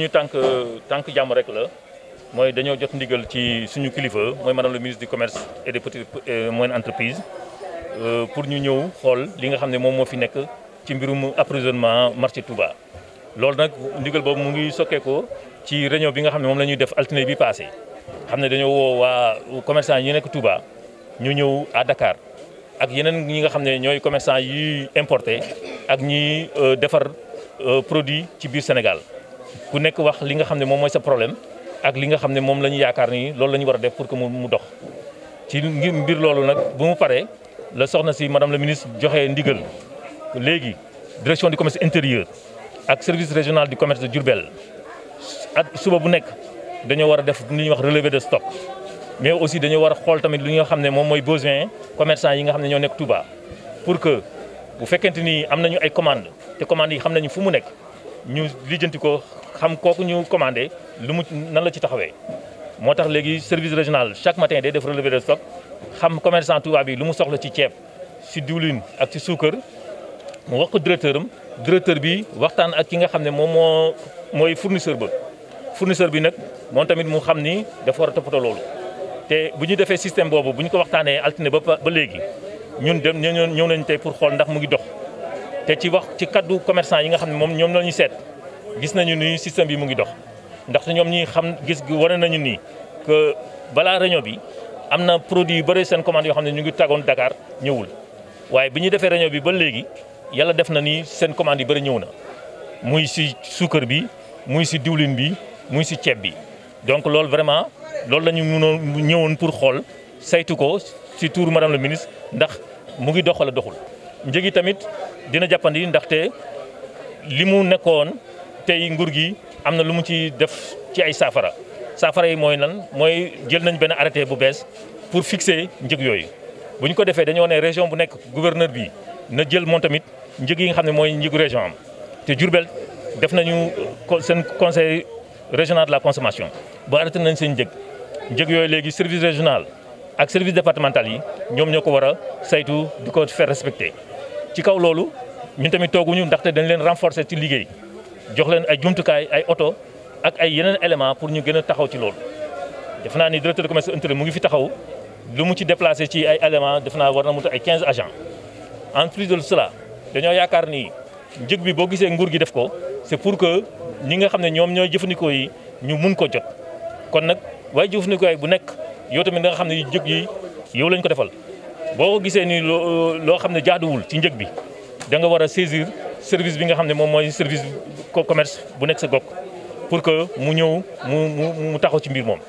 ñu tànk tànk jàmm rek la mooy dañoo jot ndigal ci suñu kilifa mooy madame le ministre du commerce et des petites et moyennes euh, pour ñu ñëw xool li nga xam ne moom moo fi nekk ci mbirum approvisionnement marché Touba. loolu nag ndigal boobu mu ngi sokkeekoo ci réunion bi nga xam ne moom la ñuy def altine bi passé xam ne dañoo woo waa commerçant yi nekk Touba ñu ñëw à Dakar ak yeneen ñi nga xam ne ñooy commerçant yi importé ak ñi euh, defar euh, produit ci biir Sénégal. ku nekk wax li nga xam ne moom mooy sa problème ak li nga xam ne moom la ñu yaakaar ni loolu la ñu war a def pour que mu dox. ci ngir mbir loolu nag bu mu paree la soxna si madame la ministre joxe ndigal léegi direction du commerce intérieur ak service régional du commerce de Diourbel ak suba bu nekk dañoo war a def lu ñuy wax relevé de stock. mais aussi dañoo war xool tamit li nga xam ne moom mooy besoin commerçant yi nga xam ne ñoo nekk Touba pour que bu fekkente ni am nañu ay commande te yi xam nañu fu mu nekk xam kooku ñu commandé lu mu nan la ci taxawee. moo tax léegi service régional chaque matin day def relevé de stock xam commercant Touba bi lu mu soxla ci ceeb si diwlin ak ci suukar mu wax ko directeur am directeur bi waxtaan ak ki nga xam ne moom moo mooy fournisseur ba. fournisseur bi nag moom tamit mu xam ni def war a toppatoo loolu te bu ñu defee système boobu bu ñu ko waxtaanee altine ba ba léegi ñun dem ñëw nañ tey pour xool ndax mu ngi dox te ci wax ci kaddu commercant yi nga xam ne ñoom la ñuy seet. gis nañu ni système bi mu ngi dox ndaxte ñoom ñi xam gis wane nañu ni que balaa réunion bi am na produit yu bëri seen commande yoo xam ne ñu ngi tagoon dakaar ñëwul. waaye bi ñu defee réunion bi ba léegi yàlla def na ni seen commande yu bëri ñëw na muy si suukar bi muy si diwlin bi muy si ceeb bi donc loolu vraiment loolu la ñu mënoon ñëwoon pour xool saytu ko si tour madame ministre ndax mu ngi dox wala doxul. njëgi tamit dina jàppandi ndaxte li mu nekkoon. tey nguur gi am na lu mu ci def ci ay saafara saafara yi mooy nan mooy jël nañ benn arrêté bu bees pour fixer njëg yooyu bu ñu ko defee dañoo ne région bu nekk gouverneur bi na jël moom tamit njëg yi nga xam ne mooy njëgu région am te Diourbel def nañu seen conseil régional de la consommation ba arrêté nañ seen njëg njëg yooyu léegi service régional ak service départemental yi ñoom ñoo ko war a saytu di ko faire respecter ci kaw loolu ñun tamit tooguñu ndaxte dañ leen renforcer ci liggéey jox leen ay jumtukaay ay oto ak ay yeneen élément pour ñu gën a taxaw ci loolu def naa ni directeur de commerce intérieur mu ngi fi taxaw lu mu ci déplacé ci ay élément def naa war na mu ay 15 agents en prise de sela dañoo yaakaar ni njëg bi boo gisee nguur gi def ko c'est pour que ñi nga xam ne ñoom ñooy jëfandikoo yi ñu mun ko jot kon nag waaye jëfandikoo yi bu nekk yow tamit da nga xam ne njëg yi yow lañ ko defal boo gisee nii loo xam ne jaaduwul ci njëg bi da nga war a service bi nga xam ne moom mooy service commerce bu nekk sa gox pour que mu ñëw mu mu taxaw ci mbir moom.